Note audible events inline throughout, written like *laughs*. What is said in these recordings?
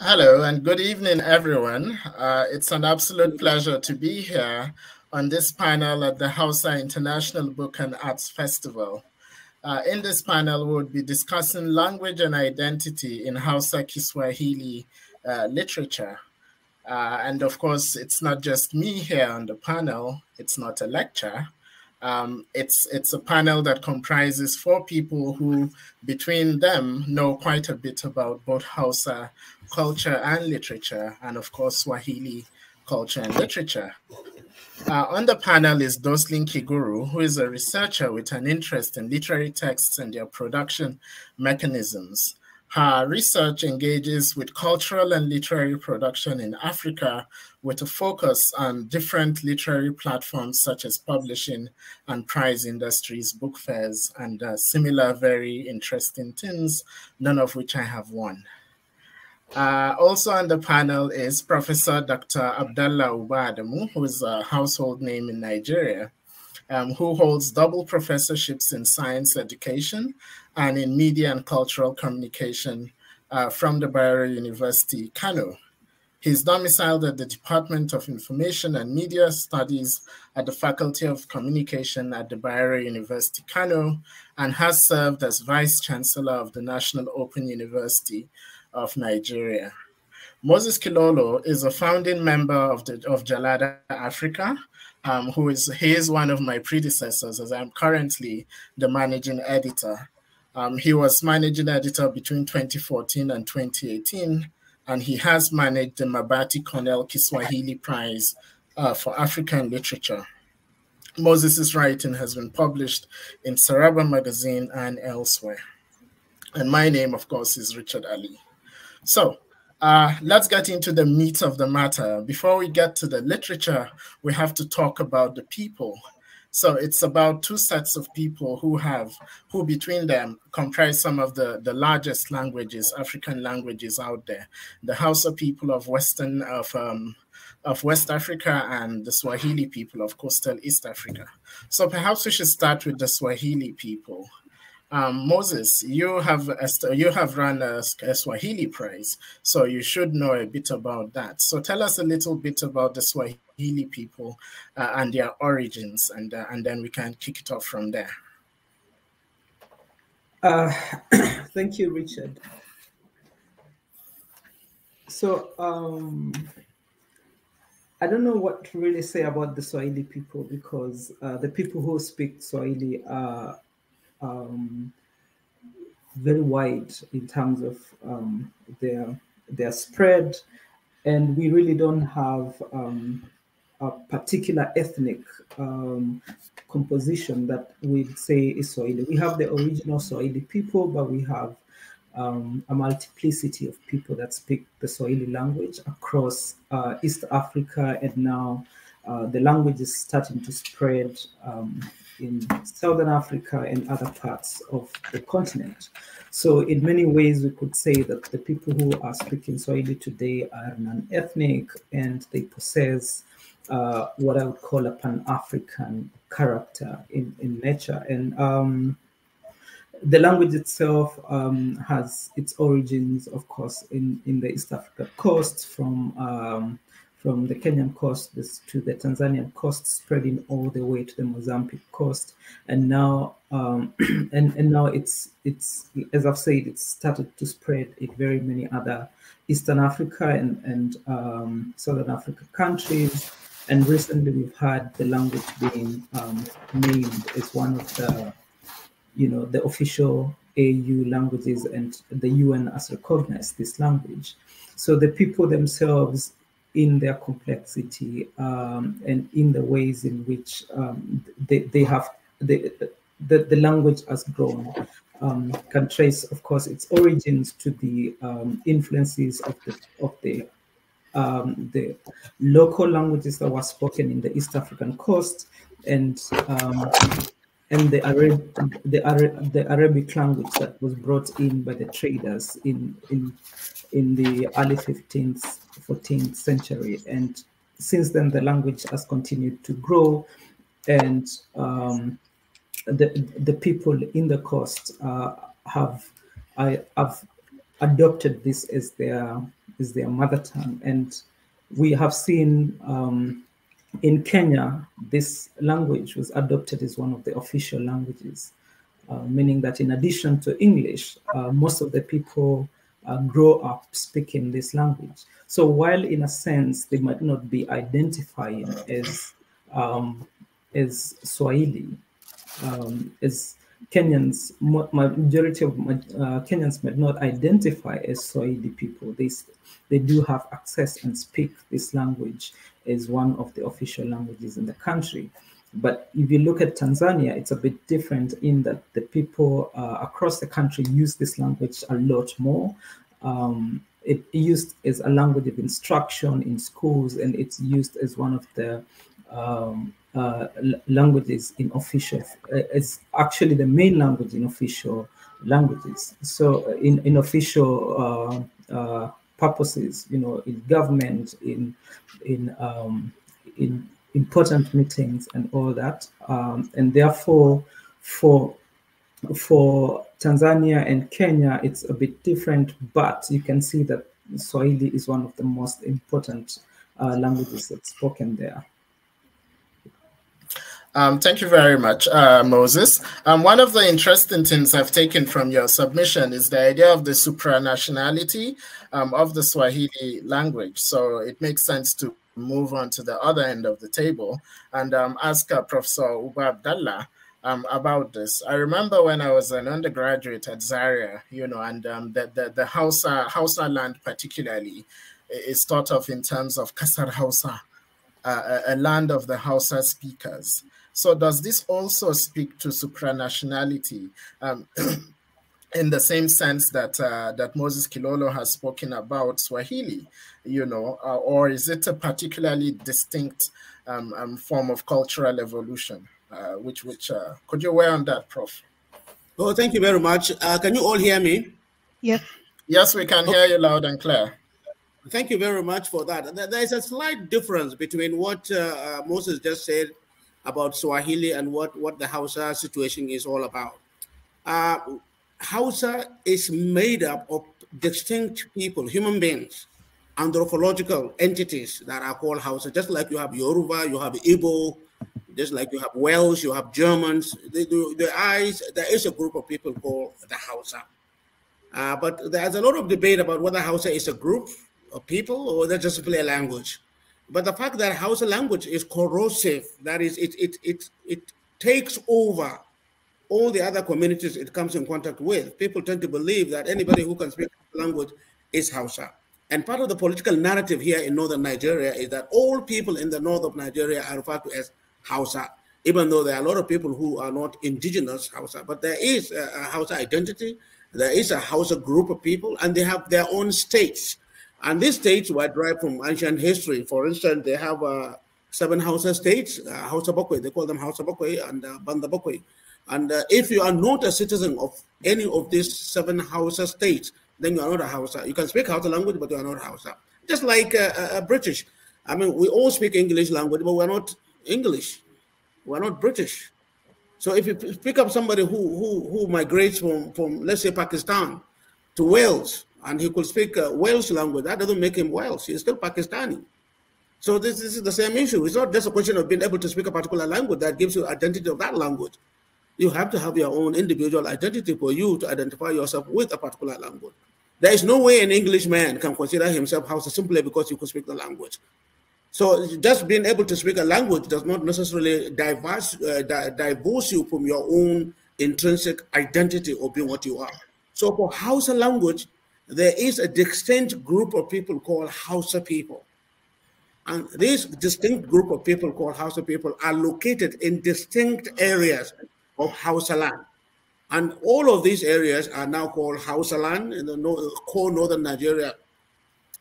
Hello and good evening, everyone. Uh, it's an absolute pleasure to be here on this panel at the Hausa International Book and Arts Festival. Uh, in this panel, we'll be discussing language and identity in Hausa Kiswahili uh, literature. Uh, and of course, it's not just me here on the panel, it's not a lecture. Um, it's it's a panel that comprises four people who, between them, know quite a bit about both Hausa culture and literature, and of course Swahili culture and literature. Uh, on the panel is Doslin Kiguru, who is a researcher with an interest in literary texts and their production mechanisms. Her research engages with cultural and literary production in Africa with a focus on different literary platforms such as publishing and prize industries, book fairs, and uh, similar very interesting things, none of which I have won. Uh, also on the panel is Professor Dr. Abdallah Ubadamu, who is a household name in Nigeria, um, who holds double professorships in science education and in media and cultural communication uh, from the Bayero University, Kano. He's domiciled at the Department of Information and Media Studies at the Faculty of Communication at the Bayero University, Kano, and has served as Vice Chancellor of the National Open University of Nigeria. Moses Kilolo is a founding member of, the, of Jalada Africa, um, who is, he is one of my predecessors as I'm currently the managing editor. Um, he was managing editor between 2014 and 2018, and he has managed the Mabati Cornell Kiswahili Prize uh, for African Literature. Moses' writing has been published in Saraba magazine and elsewhere. And my name, of course, is Richard Ali. So uh, let's get into the meat of the matter. Before we get to the literature, we have to talk about the people so it's about two sets of people who have, who between them comprise some of the, the largest languages, African languages out there. The Hausa people of Western, of, um, of West Africa and the Swahili people of coastal East Africa. So perhaps we should start with the Swahili people. Um, Moses, you have a, you have run a, a, Swahili prize, so you should know a bit about that. So tell us a little bit about the Swahili Healy people uh, and their origins, and uh, and then we can kick it off from there. Uh, *clears throat* thank you, Richard. So um, I don't know what to really say about the Swahili people because uh, the people who speak Swahili are um, very wide in terms of um, their their spread, and we really don't have um, a particular ethnic um, composition that we'd say is Swahili. We have the original Swahili people, but we have um, a multiplicity of people that speak the Swahili language across uh, East Africa, and now uh, the language is starting to spread um, in Southern Africa and other parts of the continent. So, in many ways, we could say that the people who are speaking Swahili today are non ethnic and they possess uh, what I would call a pan African character in, in nature. And um, the language itself um, has its origins, of course, in, in the East Africa coast from. Um, from the Kenyan coast to the Tanzanian coast, spreading all the way to the Mozambique coast, and now um, *clears throat* and and now it's it's as I've said, it's started to spread in very many other Eastern Africa and and um, Southern Africa countries, and recently, we've had the language being um, named as one of the, you know, the official AU languages, and the UN has recognized this language. So the people themselves, in their complexity um, and in the ways in which um, they, they have the, the language has grown, um, can trace, of course, its origins to the um, influences of the of the um, the local languages that were spoken in the East African coast and um, and the Arab, the Arab, the Arabic language that was brought in by the traders in in in the early 15th 14th century and since then the language has continued to grow and um, the the people in the coast uh, have I have adopted this as their is their mother tongue. And we have seen um, in Kenya, this language was adopted as one of the official languages, uh, meaning that in addition to English, uh, most of the people uh, grow up speaking this language. So while in a sense they might not be identifying as um, as Swahili, um, as Kenyans, majority of uh, Kenyans may not identify as Swahili people. They, they do have access and speak this language as one of the official languages in the country. But if you look at Tanzania, it's a bit different in that the people uh, across the country use this language a lot more. Um, it used as a language of instruction in schools, and it's used as one of the um, uh, languages in official. Uh, it's actually the main language in official languages. So uh, in, in official uh, uh, purposes, you know, in government, in in um, in important meetings and all that, um, and therefore for for Tanzania and Kenya, it's a bit different, but you can see that Swahili is one of the most important uh, languages that's spoken there. Um, thank you very much, uh, Moses. Um, one of the interesting things I've taken from your submission is the idea of the supranationality um, of the Swahili language. So it makes sense to move on to the other end of the table and um, ask uh, Professor Uba Abdallah um, about this. I remember when I was an undergraduate at Zaria, you know, and um, the, the, the Hausa, Hausa land particularly is thought of in terms of Kasar Hausa. Uh, a, a land of the Hausa speakers. So does this also speak to supranationality? Um, *clears throat* in the same sense that uh, that Moses Kilolo has spoken about Swahili, you know, uh, or is it a particularly distinct um, um, form of cultural evolution? Uh, which which uh, could you weigh on that, Prof? Oh, thank you very much. Uh, can you all hear me? Yes. Yes, we can hear you loud and clear. Thank you very much for that. There is a slight difference between what uh, Moses just said about Swahili and what, what the Hausa situation is all about. Uh, Hausa is made up of distinct people, human beings, anthropological entities that are called Hausa, just like you have Yoruba, you have Igbo, just like you have Welsh, you have Germans. They, do, the eyes, there is a group of people called the Hausa. Uh, but there's a lot of debate about whether Hausa is a group of people or they're just a language. But the fact that Hausa language is corrosive, that is, it, it, it, it takes over all the other communities it comes in contact with. People tend to believe that anybody who can speak language is Hausa. And part of the political narrative here in northern Nigeria is that all people in the north of Nigeria are referred to as Hausa, even though there are a lot of people who are not indigenous Hausa. But there is a Hausa identity, there is a Hausa group of people, and they have their own states and these states were derived from ancient history. For instance, they have uh, seven houses states, uh, Hausa Bokwe, they call them Hausa Bokwe and uh, Banda Bokwe. And uh, if you are not a citizen of any of these seven houses states, then you are not a Hausa. You can speak Hausa language, but you are not Hausa. Just like a uh, uh, uh, British. I mean, we all speak English language, but we're not English. We're not British. So if you pick up somebody who, who, who migrates from, from, let's say, Pakistan to Wales, and he could speak uh, Welsh language. That doesn't make him Welsh. He's still Pakistani. So this, this, is the same issue. It's not just a question of being able to speak a particular language that gives you identity of that language. You have to have your own individual identity for you to identify yourself with a particular language. There is no way an Englishman can consider himself Hausa simply because he can speak the language. So just being able to speak a language does not necessarily diverse, uh, di divorce you from your own intrinsic identity of being what you are. So for Hausa language, there is a distinct group of people called Hausa people. And this distinct group of people called Hausa people are located in distinct areas of Hausa land. And all of these areas are now called Hausa land in the no core northern Nigeria.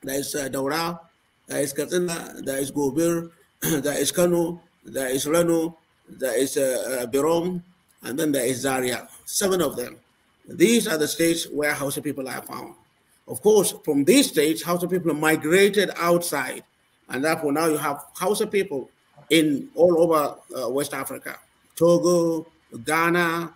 There is uh, Daura, there is Katsina, there is Gobir, *clears throat* there is Kano, there is Reno, there is uh, uh, Birom, and then there is Zaria, seven of them. These are the states where Hausa people are found. Of course, from these states, Hausa people migrated outside, and therefore now you have Hausa people in all over uh, West Africa, Togo, Ghana,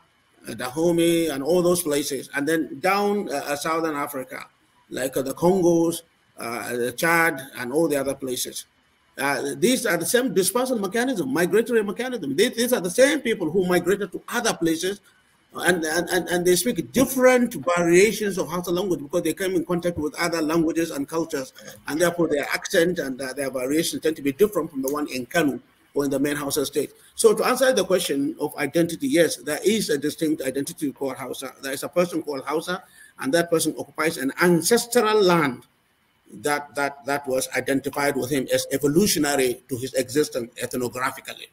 uh, Dahomey, and all those places, and then down uh, southern Africa, like uh, the Congos, uh, the Chad, and all the other places. Uh, these are the same dispersal mechanism, migratory mechanism. These, these are the same people who migrated to other places and, and, and they speak different variations of Hausa language because they come in contact with other languages and cultures, and therefore their accent and uh, their variations tend to be different from the one in Kanu or in the main Hausa state. So to answer the question of identity, yes, there is a distinct identity called Hausa. There is a person called Hausa, and that person occupies an ancestral land that that that was identified with him as evolutionary to his existence ethnographically.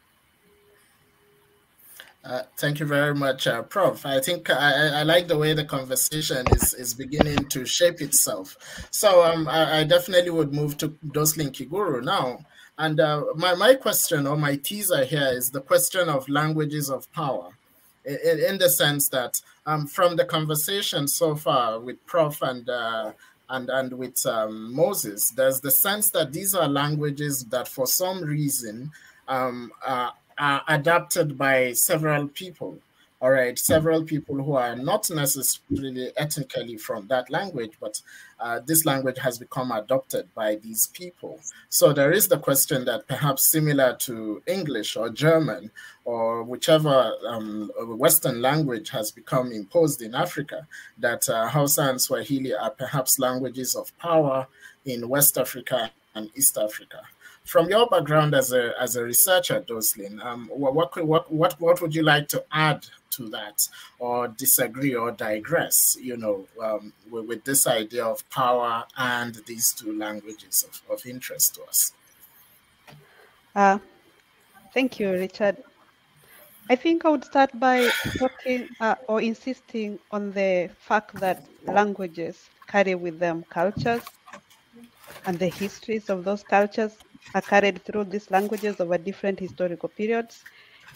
Uh, thank you very much, uh, Prof. I think uh, I, I, like the way the conversation is, is beginning to shape itself. So um, I, I, definitely would move to Doslin Kiguru now. And uh, my, my question or my teaser here is the question of languages of power in, in the sense that um, from the conversation so far with Prof and uh, and, and with um, Moses, there's the sense that these are languages that for some reason um, are adapted by several people, all right, hmm. several people who are not necessarily ethnically from that language, but uh, this language has become adopted by these people. So there is the question that perhaps similar to English or German or whichever um, Western language has become imposed in Africa, that uh, Hausa and Swahili are perhaps languages of power in West Africa and East Africa from your background as a as a researcher, Jocelyn, um, what, what what what would you like to add to that, or disagree or digress? You know, um, with, with, this idea of power and these two languages of, of interest to us. Uh, thank you, Richard. I think I would start by talking uh, or insisting on the fact that languages carry with them cultures and the histories of those cultures are carried through these languages over different historical periods.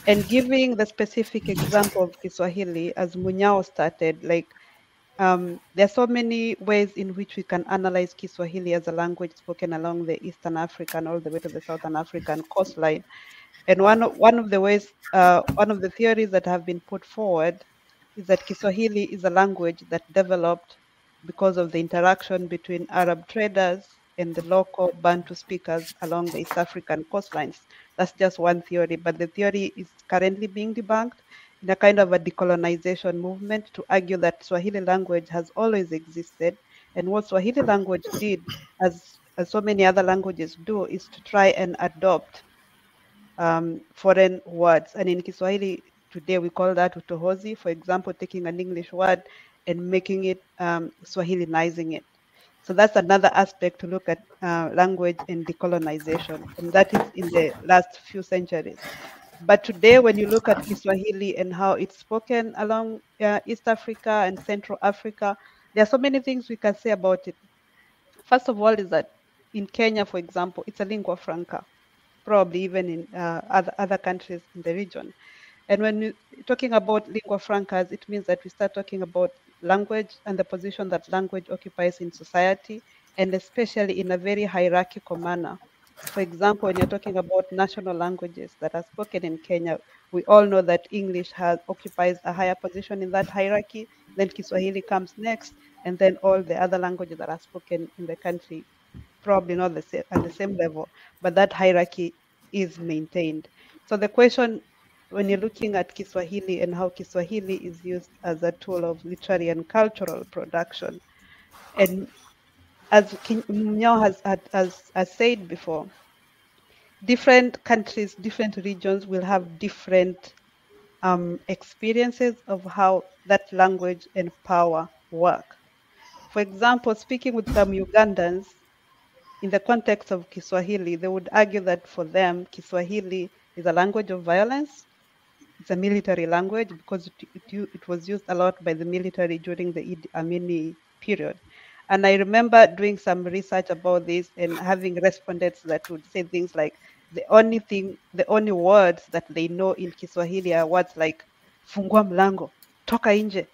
And giving the specific example of Kiswahili, as Munyao started, like um, there are so many ways in which we can analyze Kiswahili as a language spoken along the Eastern African all the way to the Southern African coastline. And one one of the ways, uh, one of the theories that have been put forward is that Kiswahili is a language that developed because of the interaction between Arab traders and the local Bantu speakers along the East African coastlines. That's just one theory, but the theory is currently being debunked in a kind of a decolonization movement to argue that Swahili language has always existed. And what Swahili language did, as, as so many other languages do, is to try and adopt um, foreign words. And in Kiswahili today, we call that utohozi, for example, taking an English word and making it um, Swahilinizing it. So that's another aspect to look at uh, language and decolonization, and that is in the last few centuries. But today, when you look at Kiswahili and how it's spoken along uh, East Africa and Central Africa, there are so many things we can say about it. First of all, is that in Kenya, for example, it's a lingua franca, probably even in uh, other, other countries in the region. And when we're talking about lingua francas, it means that we start talking about language and the position that language occupies in society, and especially in a very hierarchical manner. For example, when you're talking about national languages that are spoken in Kenya, we all know that English has occupies a higher position in that hierarchy. Then Kiswahili comes next, and then all the other languages that are spoken in the country, probably not the same, at the same level, but that hierarchy is maintained. So the question when you're looking at Kiswahili and how Kiswahili is used as a tool of literary and cultural production. And as Mnyao has, has, has said before, different countries, different regions will have different um, experiences of how that language and power work. For example, speaking with some Ugandans in the context of Kiswahili, they would argue that for them, Kiswahili is a language of violence it's a military language because it, it, it, was used a lot by the military during the Idi Amini period. And I remember doing some research about this and having respondents that would say things like, the only thing, the only words that they know in Kiswahili are words like fungua mlango, toka inje.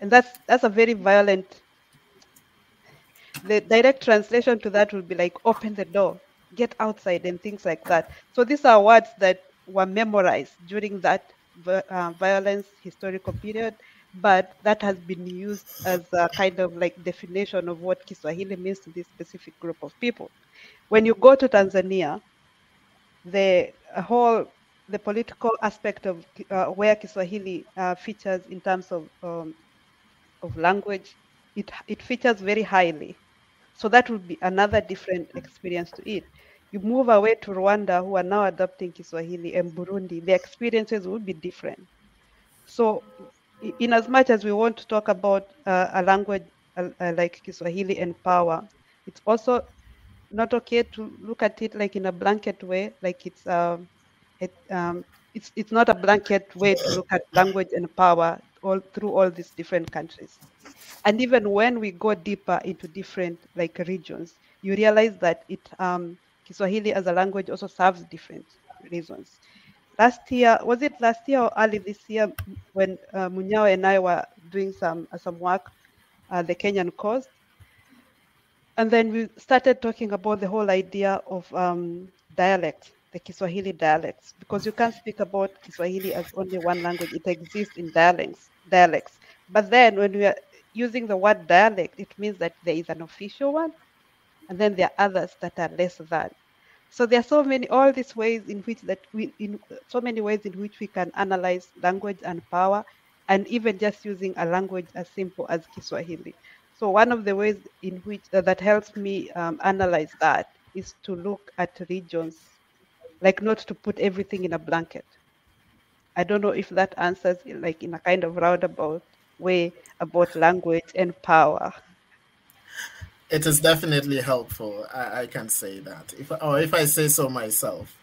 And that's, that's a very violent, the direct translation to that would be like, open the door, get outside and things like that. So these are words that were memorized during that uh, violence historical period, but that has been used as a kind of like definition of what Kiswahili means to this specific group of people. When you go to Tanzania, the whole the political aspect of uh, where Kiswahili uh, features in terms of um, of language, it it features very highly. So that would be another different experience to it you move away to Rwanda, who are now adopting Kiswahili, and Burundi, the experiences would be different. So, in as much as we want to talk about uh, a language uh, uh, like Kiswahili and power, it's also not okay to look at it like in a blanket way, like it's um, it, um, it's it's not a blanket way to look at language and power all through all these different countries. And even when we go deeper into different like regions, you realize that it um, Kiswahili as a language also serves different reasons. Last year, was it last year or early this year when uh, and I were doing some uh, some work at uh, the Kenyan coast, and then we started talking about the whole idea of um, dialect, the Kiswahili dialects, because you can't speak about Kiswahili as only one language. It exists in dialects, dialects. But then when we are using the word dialect, it means that there is an official one, and then there are others that are less than. So there are so many, all these ways in which that we, in so many ways in which we can analyze language and power, and even just using a language as simple as Kiswahili. So one of the ways in which uh, that helps me um, analyze that is to look at regions, like not to put everything in a blanket. I don't know if that answers like in a kind of roundabout way about language and power. It is definitely helpful. I, I can say that. If or if I say so myself.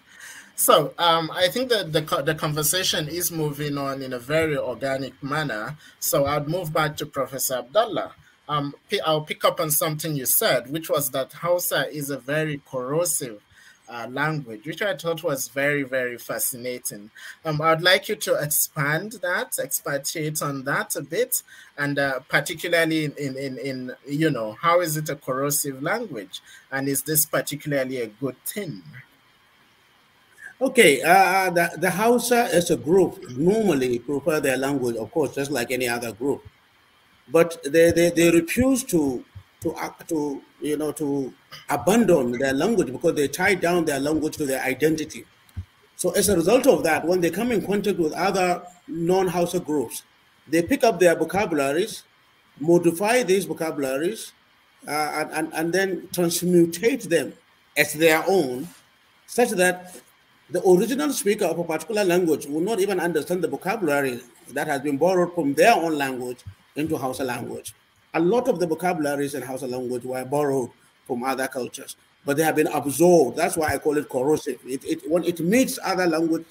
So um, I think that the, the conversation is moving on in a very organic manner. So I'd move back to Professor Abdullah. Um, I'll pick up on something you said, which was that Hausa is a very corrosive uh, language, which I thought was very, very fascinating. Um, I'd like you to expand that, expatiate on that a bit, and uh, particularly in, in, in, you know, how is it a corrosive language? And is this particularly a good thing? Okay, uh, uh, the, the Hausa as a group normally prefer their language, of course, just like any other group. But they, they, they refuse to to to you know to abandon their language because they tie down their language to their identity. So as a result of that, when they come in contact with other non-Hausa groups, they pick up their vocabularies, modify these vocabularies, uh, and, and, and then transmutate them as their own, such that the original speaker of a particular language will not even understand the vocabulary that has been borrowed from their own language into Hausa language a lot of the vocabularies in Hausa language were borrowed from other cultures, but they have been absorbed. That's why I call it corrosive. It, it when it meets other language,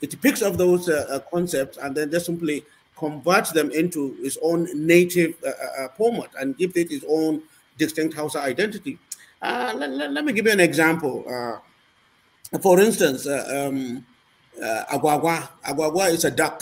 it picks up those uh, uh, concepts and then just simply converts them into its own native uh, uh, uh format and gives it its own distinct Hausa identity. Let, uh, let, let, me give you an example. for instance, um, agwagwa. Agwagwa is a duck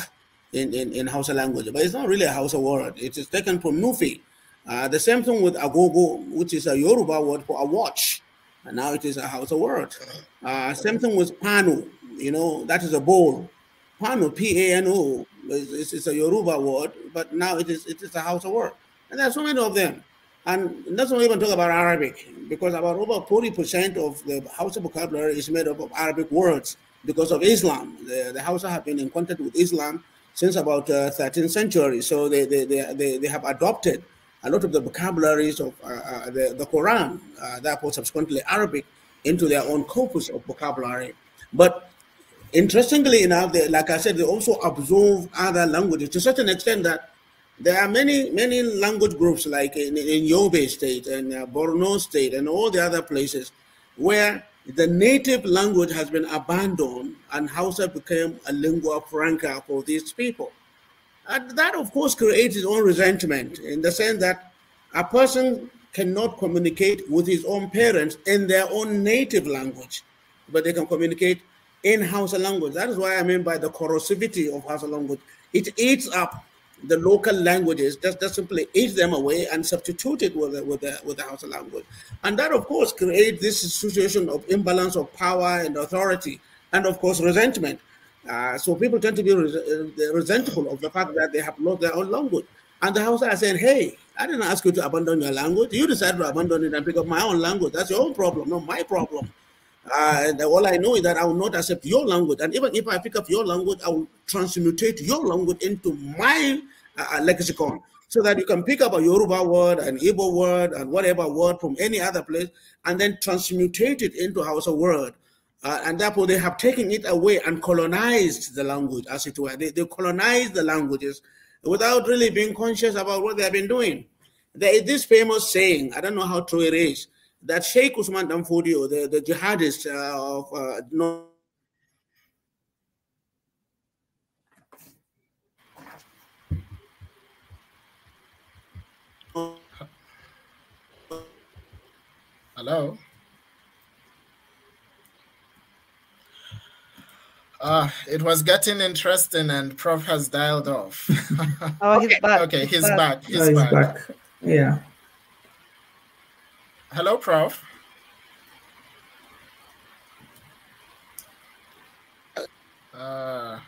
in, in, in Hausa language, but it's not really a Hausa word. It is taken from Nufi, uh, the same thing with agogo, which is a Yoruba word for a watch, and now it is a of word. Uh, same thing with pano, you know, that is a bowl. Pano, P-A-N-O, it's, it's a Yoruba word, but now it is it is a of word. And there are so many of them. And let's not even talk about Arabic, because about over 40% of the Hausa vocabulary is made up of Arabic words because of Islam. The, the Hausa have been in contact with Islam since about uh, 13th century. So they, they, they, they, they have adopted a lot of the vocabularies of uh, uh, the, the Quran, uh, therefore subsequently Arabic, into their own corpus of vocabulary. But interestingly enough, they, like I said, they also absorb other languages to certain extent that there are many, many language groups like in, in Yobe state and uh, Borno state and all the other places where the native language has been abandoned and Hausa became a lingua franca for these people. And that, of course, creates his own resentment in the sense that a person cannot communicate with his own parents in their own native language, but they can communicate in Hausa language. That is why I mean by the corrosivity of Hausa language. It eats up the local languages, just, just simply eats them away and substitute it with the, with, the, with the Hausa language. And that, of course, creates this situation of imbalance of power and authority and, of course, resentment. Uh, so people tend to be res- uh, resentful of the fact that they have lost their own language. And the Hausa are saying, hey, I didn't ask you to abandon your language. You decided to abandon it and pick up my own language. That's your own problem, not my problem. Uh, all I know is that I will not accept your language. And even if I pick up your language, I will transmutate your language into my uh, uh, lexicon so that you can pick up a Yoruba word, an Igbo word, and whatever word from any other place, and then transmutate it into Hausa word uh, and therefore, they have taken it away and colonized the language, as it were. They, they colonized the languages without really being conscious about what they have been doing. There is this famous saying, I don't know how true it is, that Sheikh Usman Damfodio, the, the jihadist uh, of uh, North Hello. Uh, it was getting interesting, and Prof has dialed off. *laughs* oh, he's back. Okay, he's, back. back. He's, he's back. back. Yeah. Hello, Prof. Uh,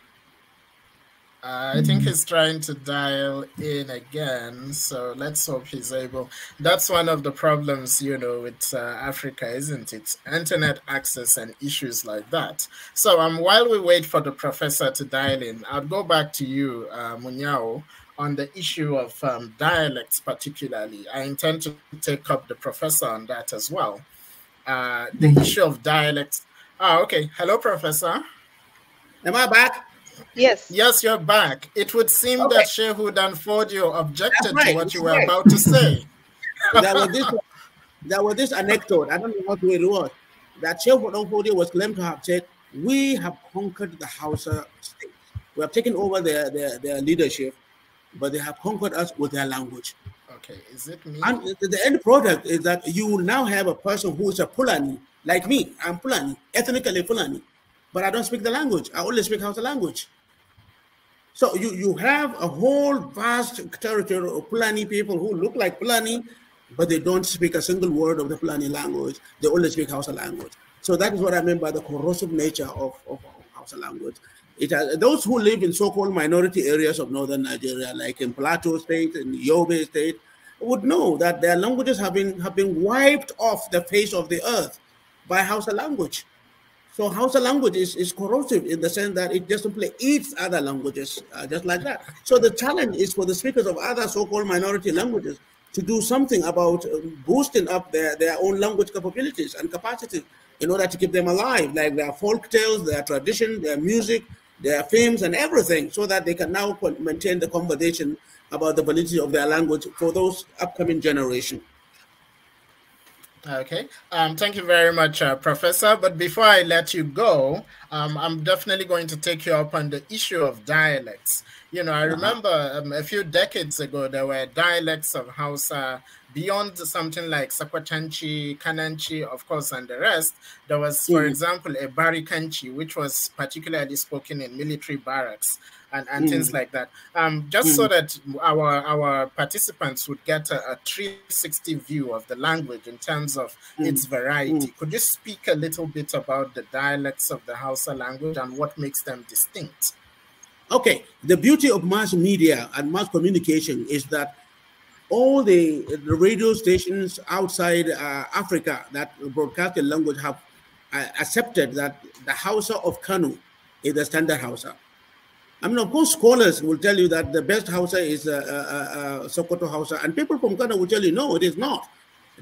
I think he's trying to dial in again, so let's hope he's able. That's one of the problems, you know, with uh, Africa, isn't it? Internet access and issues like that. So, um, while we wait for the professor to dial in, I'll go back to you, uh, Munyao, on the issue of um, dialects, particularly. I intend to take up the professor on that as well. Uh, the mm-hmm. issue of dialects. Ah, okay. Hello, professor. Am I back? Yes. Yes, you're back. It would seem okay. that Shehud and Fordio objected right, to what you were right. about to say. *laughs* there, was this, there was this anecdote, I don't know what it was, that Shehud and Fordio was claimed to have said, we have conquered the Hausa state. We have taken over their, their, their leadership, but they have conquered us with their language. Okay, is it me? And the, the end product is that you will now have a person who is a Pulani, like me, I'm Pulani, ethnically Pulani but I don't speak the language. I only speak Hausa language. So you, you have a whole vast territory of Pulani people who look like Pulani, but they don't speak a single word of the Pulani language. They only speak Hausa language. So that is what I mean by the corrosive nature of, of, of Hausa language. It has, those who live in so-called minority areas of northern Nigeria, like in Plateau State and Yobe State, would know that their languages have been have been wiped off the face of the earth by Hausa language. So Hausa language is, is corrosive in the sense that it just simply eats other languages uh, just like that. So the challenge is for the speakers of other so-called minority languages to do something about um, boosting up their, their own language capabilities and capacities in order to keep them alive, like their folk tales, their tradition, their music, their films and everything, so that they can now maintain the conversation about the validity of their language for those upcoming generation. Okay. Um, thank you very much, uh, Professor. But before I let you go, um, I'm definitely going to take you up on the issue of dialects. You know, I uh-huh. remember um, a few decades ago there were dialects of Hausa beyond something like Sakwatanchi, Kananchi, of course, and the rest, there was, for mm. example, a Barikanchi, which was particularly spoken in military barracks and, and mm. things like that. Um, just mm. so that our our participants would get a, a, 360 view of the language in terms of mm. its variety. Mm. Could you speak a little bit about the dialects of the Hausa language and what makes them distinct? Okay, the beauty of mass media and mass communication is that all the, the radio stations outside uh, Africa that broadcast the language have uh, accepted that the Hausa of Kanu is the standard Hausa. I mean, of course, scholars will tell you that the best Hausa is uh, uh, uh Sokoto Hausa, and people from Kanu will tell you no, it is not,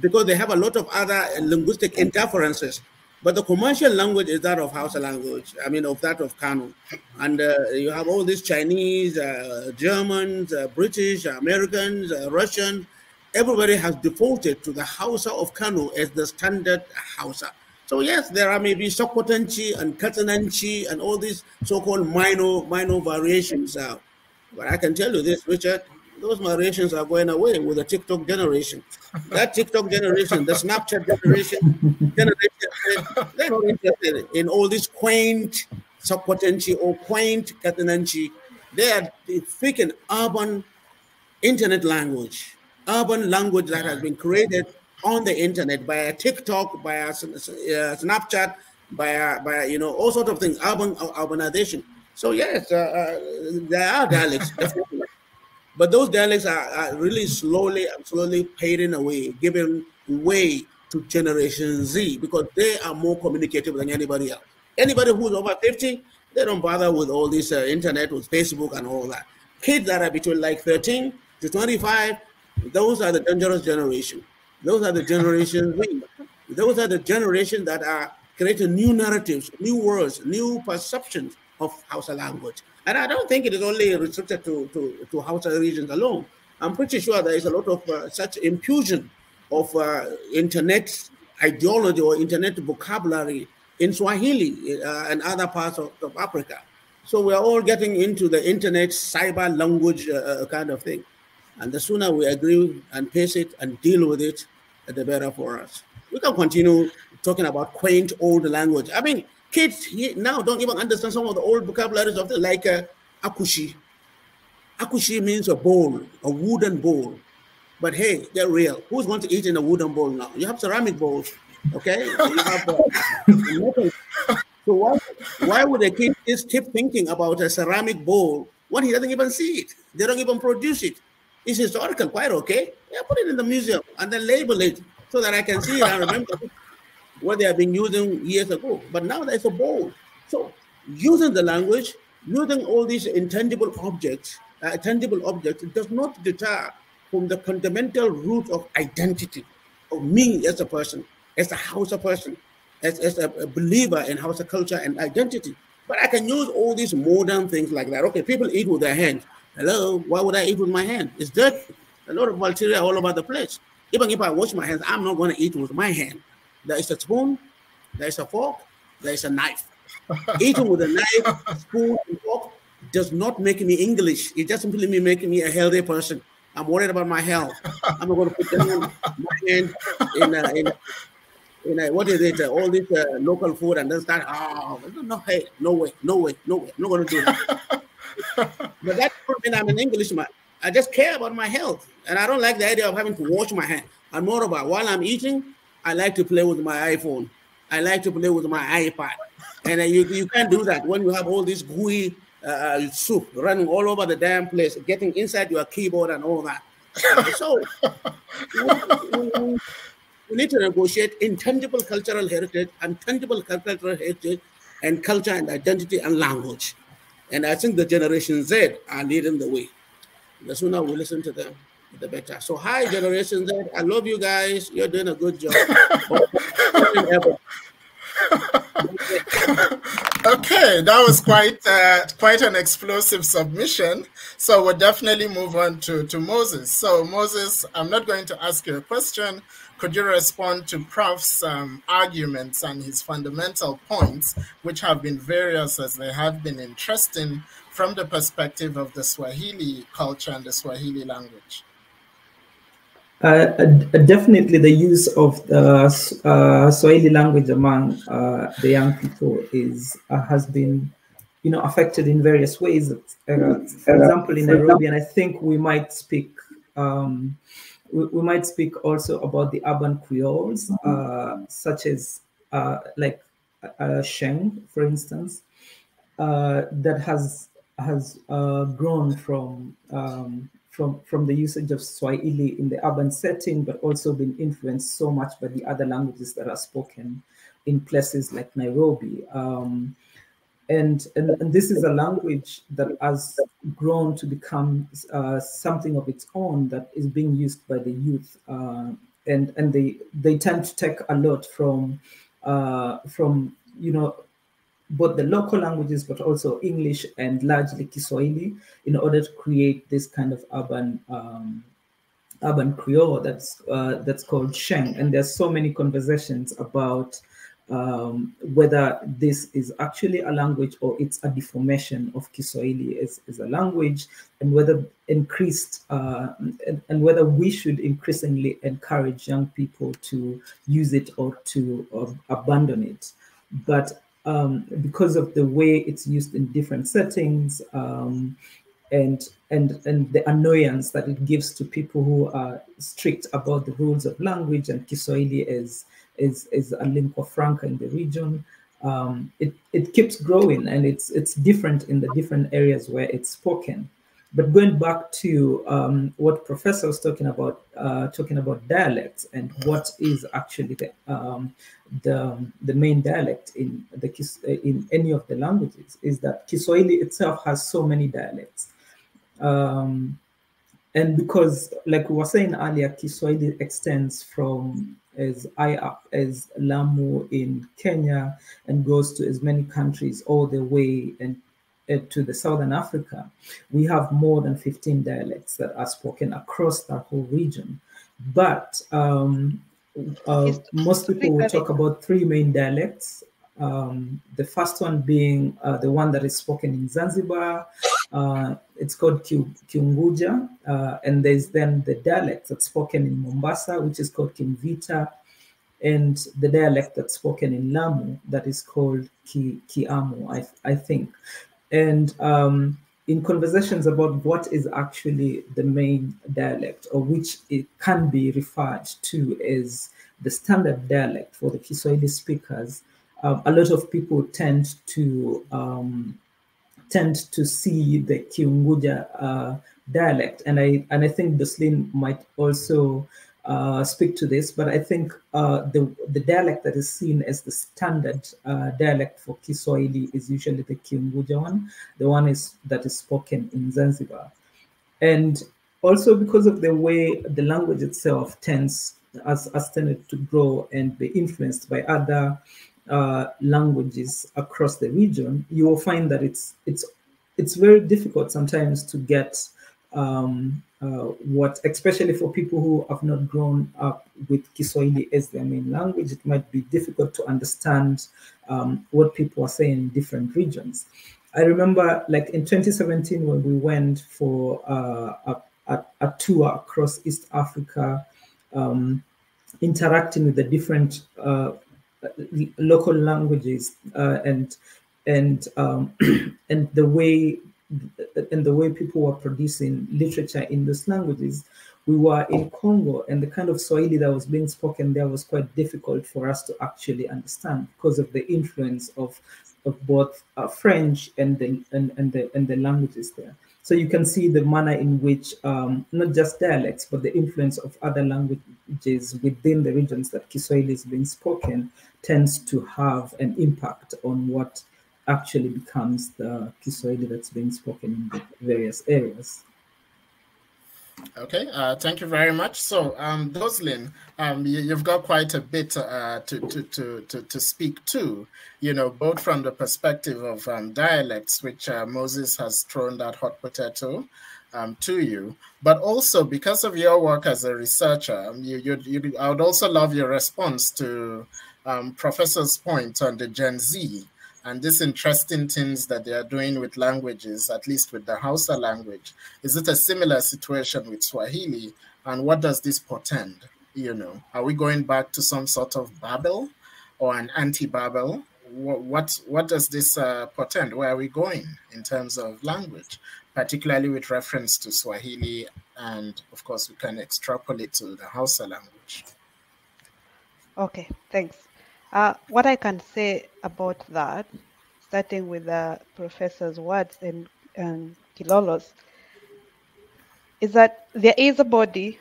because they have a lot of other linguistic interferences but the commercial language is that of Hausa language, I mean, of that of Kano. And uh, you have all these Chinese, uh, Germans, uh, British, Americans, uh, Russian. Everybody has defaulted to the Hausa of Kano as the standard Hausa. So yes, there are maybe Sokotanchi and Katananchi and all these so-called minor minor variations. Uh, but I can tell you this, Richard, those generations are going away with the TikTok generation. That TikTok generation, the Snapchat generation, *laughs* generation they're not interested in all this quaint Sokotenchi or quaint Katananchi. They are speaking urban internet language, urban language that has been created on the internet by a TikTok, by a, uh, Snapchat, by a, by you know all sort of things, urban urbanization. So yes, uh, uh, there are dialects definitely. But those dialects are, are really slowly and slowly fading away, giving way to Generation Z because they are more communicative than anybody else. Anybody who's over 50, they don't bother with all this uh, internet, with Facebook and all that. Kids that are between like 13 to 25, those are the dangerous generation. Those are the generation *laughs* Those are the generation that are creating new narratives, new words, new perceptions of Hausa language. And I don't think it is only restricted to, to, to Hausa regions alone. I'm pretty sure there is a lot of uh, such infusion of uh, internet ideology or internet vocabulary in Swahili uh, and other parts of, of, Africa. So we are all getting into the internet cyber language uh, uh, kind of thing. And the sooner we agree and face it and deal with it, the better for us. We can continue talking about quaint old language. I mean, Kids now don't even understand some of the old vocabularies of the like uh, akushi. Akushi means a bowl, a wooden bowl. But hey, they're real. Who's going to eat in a wooden bowl now? You have ceramic bowls, okay? have, uh, *laughs* so why, why would a kid just keep thinking about a ceramic bowl when he doesn't even see it? They don't even produce it. It's historical, quite okay. Yeah, put it in the museum and then label it so that I can see it and remember what they have been using years ago. But now they're so bold. So using the language, using all these intangible objects, uh, tangible objects, does not deter from the fundamental root of identity of me as a person, as a Hausa person, as, as a, a believer in Hausa culture and identity. But I can use all these modern things like that. Okay, people eat with their hands. Hello, why would I eat with my hand? It's dirty. A lot of bacteria all over the place. Even if I wash my hands, I'm not going to eat with my hand there is a spoon, there is a fork, there is a knife. Eating with a knife, spoon, and fork does not make me English. It doesn't really make me a healthy person. I'm worried about my health. I'm not going to put down my hand in, in, in what is it? Uh, all this uh, local food and then start. Oh, no, hey, no way, no way, no way. I'm not going to do that. but that doesn't mean I'm an Englishman. I just care about my health, and I don't like the idea of having to wash my hand. I'm more about while I'm eating, I like to play with my iPhone. I like to play with my iPad. And uh, you, you can't do that when you have all this GUI uh, uh, soup running all over the damn place, getting inside your keyboard and all that. so *laughs* we, we need to negotiate intangible cultural heritage and tangible cultural heritage and culture and identity and language. And I think the Generation Z are leading the way. The sooner we listen to them, the better. So hi, Generation Z. I love you guys. You're doing a good job. *laughs* okay, that was quite uh, quite an explosive submission. So we'll definitely move on to, to Moses. So Moses, I'm not going to ask you a question. Could you respond to Prof's um, arguments and his fundamental points, which have been various as they have been interesting from the perspective of the Swahili culture and the Swahili language? Uh, uh, uh, definitely, the use of the uh, Swahili language among uh, the young people is uh, has been, you know, affected in various ways. for example, in Nairobi, and I think we might speak. Um, we, we, might speak also about the urban creoles, such as like Sheng, for instance, that has has grown from um, from, from the usage of Swahili in the urban setting, but also been influenced so much by the other languages that are spoken in places like Nairobi. Um, and, and, and, this is a language that has grown to become uh, something of its own that is being used by the youth. Uh, and and they, they tend to take a lot from, uh, from you know, both the local languages, but also English and largely Kiswahili, in order to create this kind of urban um, urban Creole that's uh, that's called Sheng. And there's so many conversations about um, whether this is actually a language or it's a deformation of Kiswahili as, as a language, and whether increased uh, and, and, whether we should increasingly encourage young people to use it or to uh, abandon it. But um, because of the way it's used in different settings um, and and and the annoyance that it gives to people who are strict about the rules of language and Kiswahili is is is a lingua franca in the region. Um, it it keeps growing and it's it's different in the different areas where it's spoken. But going back to um, what Professor was talking about, uh, talking about dialects and what is actually the, um, the, the main dialect in the in any of the languages is that Kiswahili itself has so many dialects. Um, and because, like we were saying earlier, Kiswahili extends from as up as Lamu in Kenya, and goes to as many countries all the way and uh, to the southern Africa, we have more than 15 dialects that are spoken across that whole region. But um, uh, most people will talk about three main dialects. Um, the first one being uh, the one that is spoken in Zanzibar. Uh, it's called Kiunguja. Uh, and there's then the dialect that's spoken in Mombasa, which is called Kimvita, and the dialect that's spoken in Lamu that is called Ki, Kiamu, I, I think and um, in conversations about what is actually the main dialect or which it can be referred to as the standard dialect for the Kiswahili speakers, um, a lot of people tend to um, tend to see the Kiunguja uh, dialect, and I and I think Doslin might also uh, speak to this, but I think uh, the, the dialect that is seen as the standard uh, dialect for Kiswahili is usually the Kiunguja one, the one is that is spoken in Zanzibar. And also because of the way the language itself tends as, as tended to grow and be influenced by other uh, languages across the region, you will find that it's it's it's very difficult sometimes to get um, uh, what, especially for people who have not grown up with Kiswahili as their main language, it might be difficult to understand um, what people are saying in different regions. I remember, like in 2017, when we went for uh, a, a, a, tour across East Africa, um, interacting with the different uh, local languages uh, and and um, *clears throat* and the way and the way people were producing literature in those languages. We were in Congo, and the kind of Swahili that was being spoken there was quite difficult for us to actually understand because of the influence of, of both uh, French and the, and, and, the, and the languages there. So you can see the manner in which um, not just dialects, but the influence of other languages within the regions that Kiswahili is being spoken tends to have an impact on what actually becomes the Kiswahili that's being spoken in the various areas. Okay, uh, thank you very much. So, um, Doslin, um, you, have got quite a bit uh, to, to, to, to, to speak to, you know, both from the perspective of um, dialects, which uh, Moses has thrown that hot potato um, to you, but also because of your work as a researcher, um, you, you, you I would also love your response to um, Professor's point on the Gen Z and these interesting things that they are doing with languages, at least with the Hausa language. Is it a similar situation with Swahili? And what does this portend? You know, are we going back to some sort of Babel or an anti-Babel? What, what, what does this uh, portend? Where are we going in terms of language, particularly with reference to Swahili? And of course, we can extrapolate to the Hausa language. Okay, thanks. Uh, what I can say about that, starting with the professor's words and, and Kilolo's, is that there is a body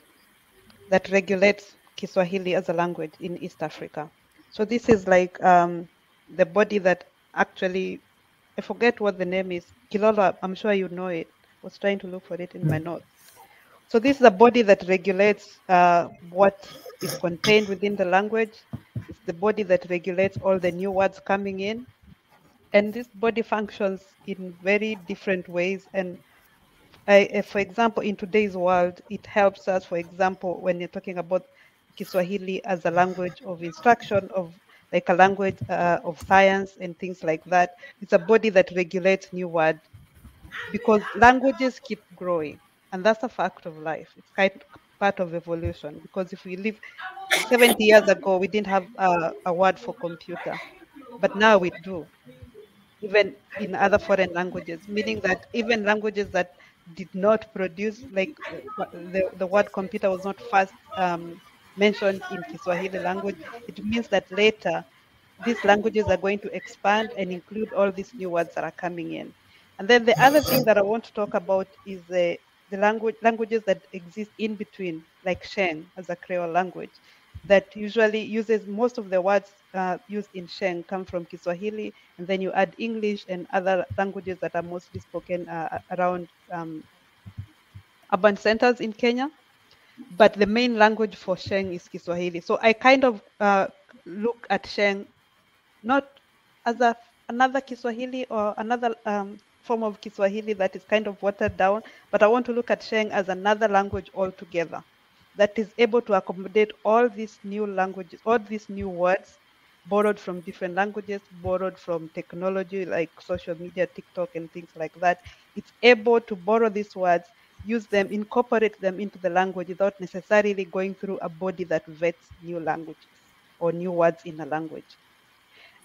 that regulates Kiswahili as a language in East Africa. So this is like um, the body that actually, I forget what the name is. Kilolo, I'm sure you know it. Was trying to look for it in my mm. notes. So this is a body that regulates uh, what is contained within the language. It's the body that regulates all the new words coming in. And this body functions in very different ways. And I, eh, for example, in today's world, it helps us, for example, when you're talking about Kiswahili as a language of instruction, of like a language uh, of science and things like that. It's a body that regulates new words because languages keep growing and that's a fact of life. It's kind part of evolution because if we live 70 years ago, we didn't have a, a word for computer, but now we do, even in other foreign languages, meaning that even languages that did not produce, like the, the word computer was not first um, mentioned in Kiswahili language, it means that later these languages are going to expand and include all these new words that are coming in. And then the other thing that I want to talk about is the the language languages that exist in between, like Sheng as a Creole language, that usually uses most of the words uh, used in Sheng come from Kiswahili, and then you add English and other languages that are mostly spoken uh, around um, urban centers in Kenya. But the main language for Sheng is Kiswahili. So I kind of uh, look at Sheng not as a another Kiswahili or another um, form of Kiswahili that is kind of watered down, but I want to look at Sheng as another language altogether that is able to accommodate all these new languages, all these new words borrowed from different languages, borrowed from technology like social media, TikTok, and things like that. It's able to borrow these words, use them, incorporate them into the language without necessarily going through a body that vets new languages or new words in a language.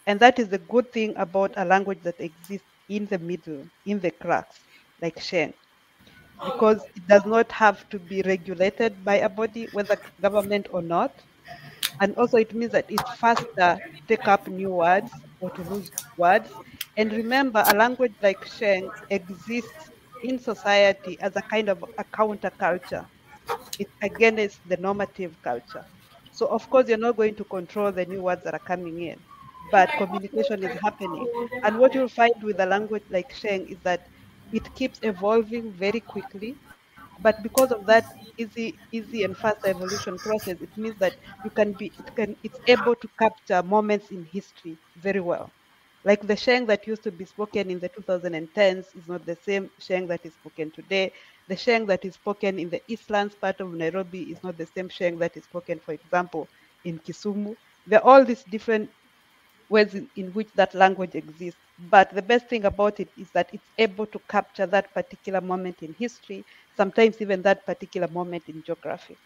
And that is the good thing about a language that exists in the middle, in the cracks, like Sheng, because it does not have to be regulated by a body, whether government or not. And also, it means that it's faster to take up new words or to lose words. And remember, a language like Sheng exists in society as a kind of a counterculture. It's against the normative culture. So, of course, you're not going to control the new words that are coming in but communication is happening. And what you'll find with a language like Sheng is that it keeps evolving very quickly. But because of that easy, easy and fast evolution process, it means that you can be, it can, it's able to capture moments in history very well. Like the Sheng that used to be spoken in the 2010s is not the same Sheng that is spoken today. The Sheng that is spoken in the Eastlands part of Nairobi is not the same Sheng that is spoken, for example, in Kisumu. There are all these different ways in which that language exists. But the best thing about it is that it's able to capture that particular moment in history, sometimes even that particular moment in geography.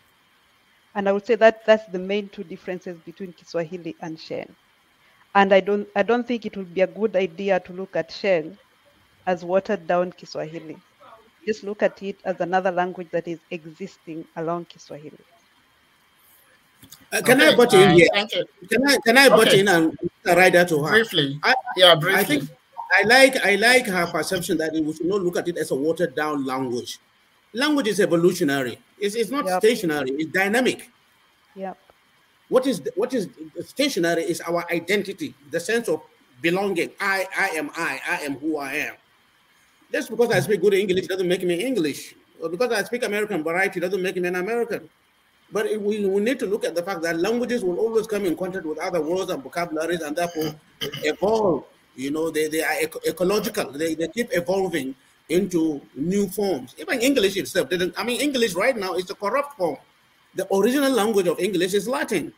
And I would say that that's the main two differences between Kiswahili and Shen. And I don't, I don't think it would be a good idea to look at Shen as watered down Kiswahili. Just look at it as another language that is existing along Kiswahili. Uh, can okay. I butt in here? Thank you. Can I can I okay. butt in and write that to her? Briefly. I, yeah, briefly. I think I like I like her perception that we should not look at it as a watered down language. Language is evolutionary. It's, it's not yep. stationary. It's dynamic. Yep. What is what is stationary is our identity, the sense of belonging. I I am I. I am who I am. Just because I speak good English doesn't make me English. Or because I speak American variety doesn't make me an American. But it, we, we need to look at the fact that languages will always come in contact with other words and vocabularies and therefore evolve. You know, they, they are ecological, they, they keep evolving into new forms. Even English itself didn't, I mean, English right now is a corrupt form. The original language of English is Latin.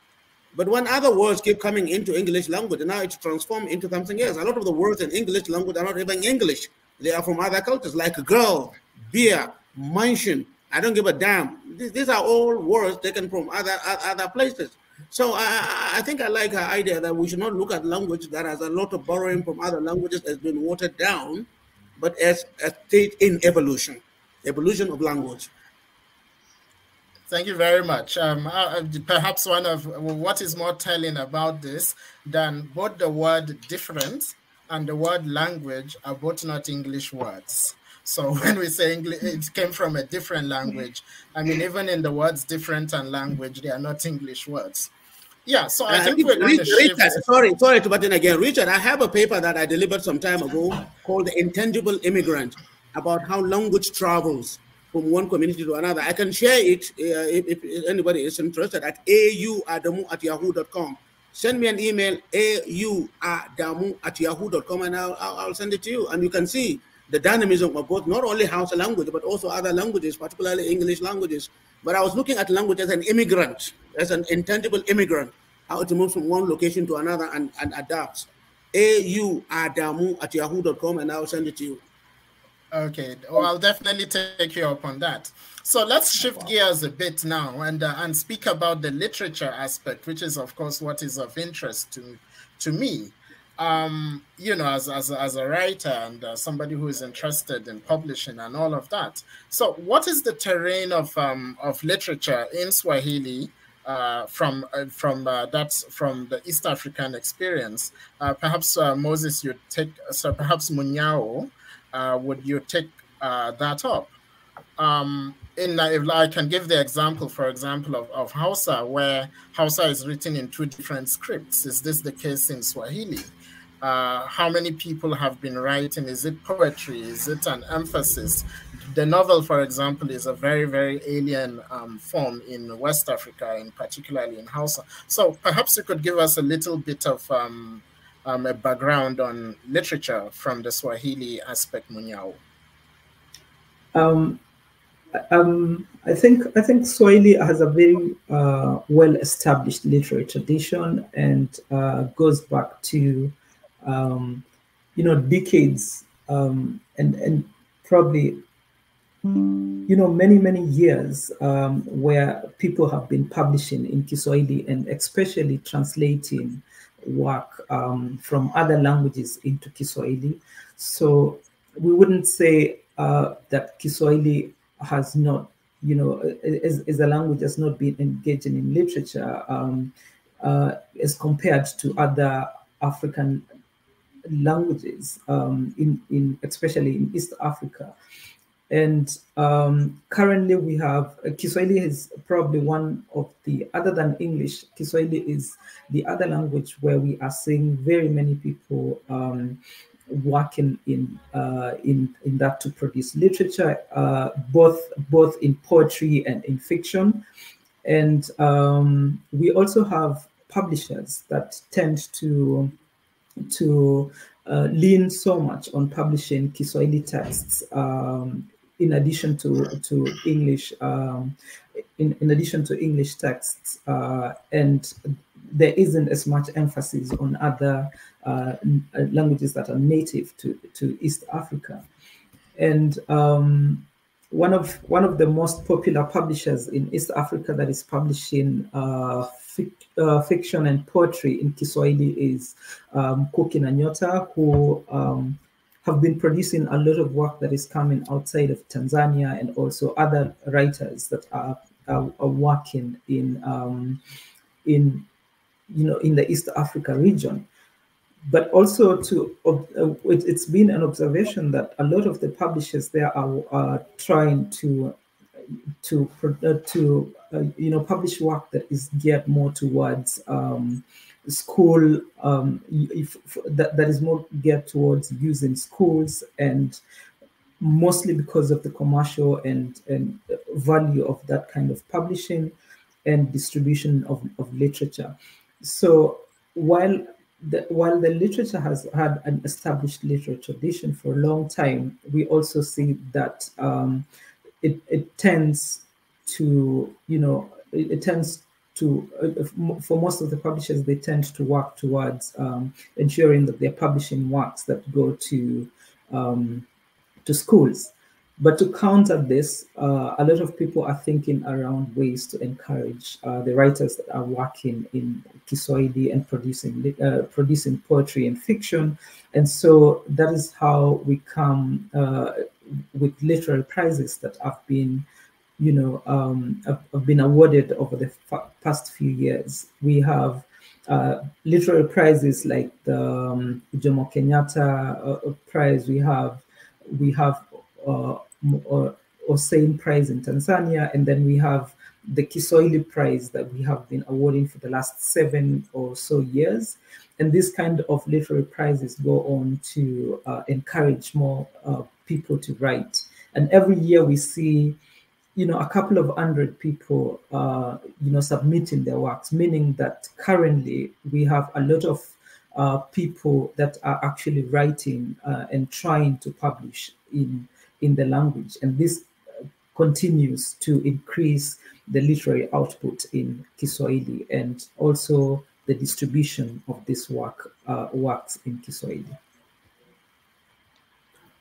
But when other words keep coming into English language, now it's transformed into something else. A lot of the words in English language are not even English. They are from other cultures, like girl, beer, mansion, I don't give a damn. These, these are all words taken from other other places. So I, I think I like her idea that we should not look at language that has a lot of borrowing from other languages that's been watered down, but as a state in evolution, evolution of language. Thank you very much. Um, uh, uh, perhaps one of what is more telling about this than both the word different and the word language are both not English words. So *laughs* when we say English, it came from a different language. I mean, even in the words different and language, they are not English words. Yeah, so I uh, think we're Richard, sorry, sorry to butt in again. Richard, I have a paper that I delivered some time ago called The Intangible Immigrant about how language travels from one community to another. I can share it uh, if, if, anybody is interested at auadamu at yahoo.com. Send me an email, auadamu at yahoo.com, and I'll, I'll send it to you. And you can see the dynamism of both not only Hausa language but also other languages, particularly English languages. But I was looking at language as an immigrant, as an intangible immigrant, how it moves from one location to another and, and adapts. A-U at yahoo.com and I'll send it to you. Okay, well, I'll definitely take you up on that. So let's shift gears a bit now and uh, and speak about the literature aspect, which is of course what is of interest to to me um, you know, as, as, as a writer and uh, somebody who is interested in publishing and all of that. So, what is the terrain of um, of literature in Swahili uh, from uh, from uh, that's from the East African experience? Uh, perhaps uh, Moses, you take so perhaps Munyao, would you take that up? Um, in if I can give the example, for example, of, of Hausa, where Hausa is written in two different scripts. Is this the case in Swahili? uh, how many people have been writing? Is it poetry? Is it an emphasis? The novel, for example, is a very, very alien um, form in West Africa, and particularly in Hausa. So perhaps you could give us a little bit of um, um, a background on literature from the Swahili aspect, Munyao. Um, um, I think I think Swahili has a very uh, well-established literary tradition and uh, goes back to um, you know, decades um, and and probably you know many many years um, where people have been publishing in Kiswahili and especially translating work um, from other languages into Kiswahili. So we wouldn't say uh, that Kiswahili has not, you know, is, is a language that's not been engaging in literature um, uh, as compared to other African languages um, in, in especially in East Africa. And um, currently we have uh, Kiswahili is probably one of the other than English. Kiswahili is the other language where we are seeing very many people um, working in uh, in in that to produce literature, uh, both both in poetry and in fiction. And um, we also have publishers that tend to to uh, lean so much on publishing Kiswahili texts um, in addition to to English um, in, in addition to English texts uh, and there isn't as much emphasis on other uh, uh languages that are native to, to East Africa. And um, one of one of the most popular publishers in East Africa that is publishing uh, fic, uh, fiction and poetry in Kiswahili is um, Kuki na Nyota, who um, have been producing a lot of work that is coming outside of Tanzania, and also other writers that are are, are working in um, in you know in the East Africa region but also to uh, it, has been an observation that a lot of the publishers there are, are trying to to uh, to uh, you know publish work that is geared more towards um, school um, if, that, that is more geared towards using schools and mostly because of the commercial and and value of that kind of publishing and distribution of, of literature so while the, while the literature has had an established literary tradition for a long time, we also see that um, it, it tends to, you know, it, it tends to, uh, for most of the publishers, they tend to work towards um, ensuring that they're publishing works that go to um, to schools but to counter this, uh, a lot of people are thinking around ways to encourage uh, the writers that are working in Kiswahili and producing uh, producing poetry and fiction, and so that is how we come uh, with literary prizes that have been, you know, um, have been awarded over the past few years. We have uh, literary prizes like the um, Jomo Kenyatta uh, Prize. We have we have uh, or same Prize in Tanzania, and then we have the Kiswahili Prize that we have been awarding for the last seven or so years. And this kind of literary prizes go on to uh, encourage more uh, people to write. And every year we see, you know, a couple of hundred people, uh, you know, submitting their works, meaning that currently we have a lot of uh, people that are actually writing uh, and trying to publish in in the language. And this uh, continues to increase the literary output in Kiswahili and also the distribution of this work uh, works in Kiswahili.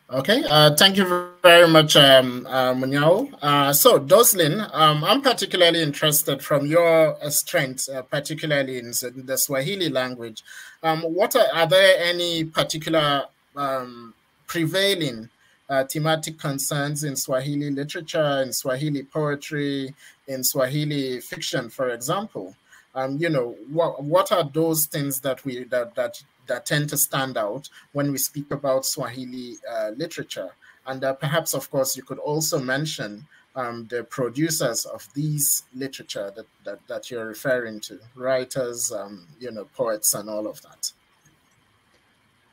Okay, uh, thank you very much, um, uh, Munyao. Uh, so, Doslin, um, I'm particularly interested from your uh, strength, uh, particularly in the Swahili language. Um, what are, are, there any particular um, prevailing uh, thematic concerns in Swahili literature, in Swahili poetry, in Swahili fiction, for example. Um, you know, what what are those things that we that that that tend to stand out when we speak about Swahili uh, literature? And uh, perhaps, of course, you could also mention um, the producers of these literature that, that, that you're referring to, writers, um, you know, poets, and all of that.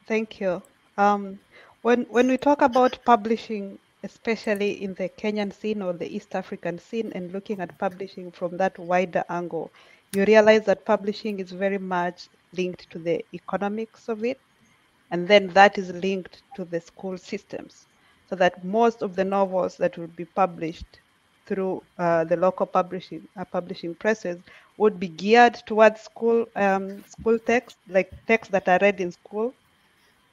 Thank you. Um, when when we talk about publishing, especially in the Kenyan scene or the East African scene, and looking at publishing from that wider angle, you realize that publishing is very much linked to the economics of it, and then that is linked to the school systems, so that most of the novels that will be published through uh, the local publishing uh, publishing presses would be geared towards school um, school texts, like texts that are read in school,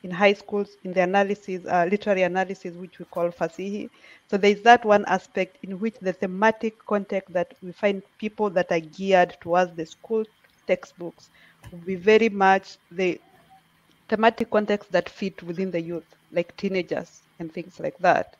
in high schools in the analysis, uh, literary analysis, which we call fasihi. So there's that one aspect in which the thematic context that we find people that are geared towards the school textbooks will be very much the thematic context that fit within the youth, like teenagers and things like that.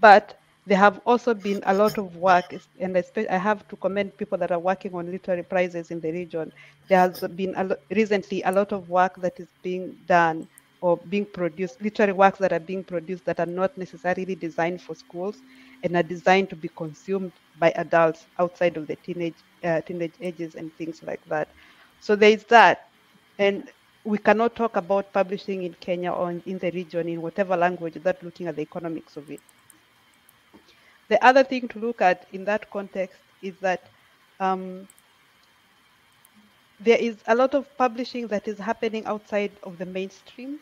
But there have also been a lot of work, and I have to commend people that are working on literary prizes in the region. There has been a recently a lot of work that is being done or being produced, literary works that are being produced that are not necessarily designed for schools and are designed to be consumed by adults outside of the teenage uh, teenage ages and things like that. So there is that, and we cannot talk about publishing in Kenya or in the region in whatever language without looking at the economics of it. The other thing to look at in that context is that um, there is a lot of publishing that is happening outside of the mainstream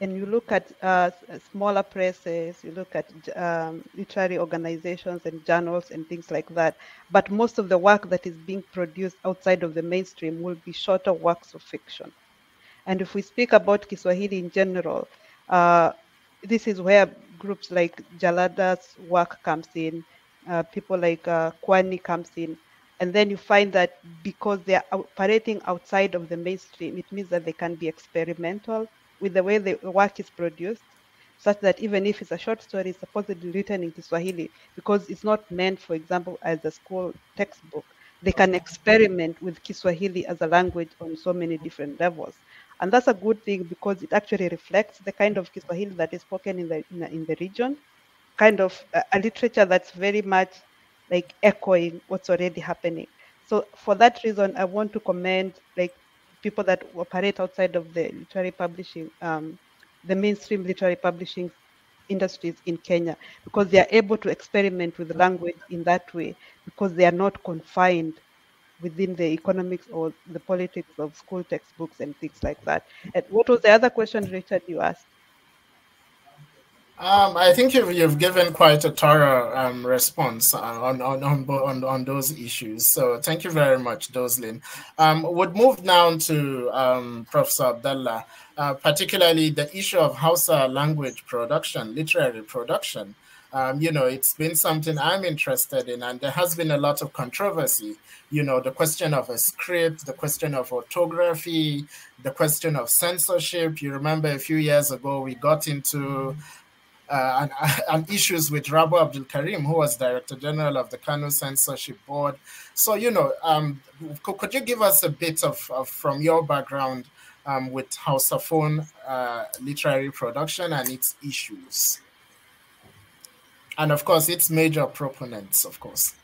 and you look at uh, uh, smaller presses, you look at um, literary organizations and journals and things like that. But most of the work that is being produced outside of the mainstream will be shorter works of fiction. And if we speak about Kiswahili in general, uh, this is where groups like Jalada's work comes in, uh, people like uh, Kwani comes in. And then you find that because they are operating outside of the mainstream, it means that they can be experimental, with the way the work is produced, such that even if it's a short story, it's supposedly written in Kiswahili because it's not meant, for example, as a school textbook. They can experiment with Kiswahili as a language on so many different levels. And that's a good thing because it actually reflects the kind of Kiswahili that is spoken in the, in, in the region, kind of a, a literature that's very much like echoing what's already happening. So for that reason, I want to commend like people that operate outside of the literary publishing, um, the mainstream literary publishing industries in Kenya, because they are able to experiment with language in that way, because they are not confined within the economics or the politics of school textbooks and things like that. And what was the other question, Richard, you asked? Um, I think you've, you've given quite a thorough um, response on, on, on, on, on those issues. So thank you very much, Doslin. Um, would move now to um, Professor Abdallah, uh, particularly the issue of Hausa language production, literary production. Um, you know, it's been something I'm interested in, and there has been a lot of controversy. You know, the question of a script, the question of orthography, the question of censorship. You remember a few years ago, we got into and, uh, and, *laughs* issues with Rabu Abdul Karim, who was Director General of the Kano Censorship Board. So, you know, um, could, could, you give us a bit of, of from your background um, with Hausaphone uh, literary production and its issues? And of course, its major proponents, of course.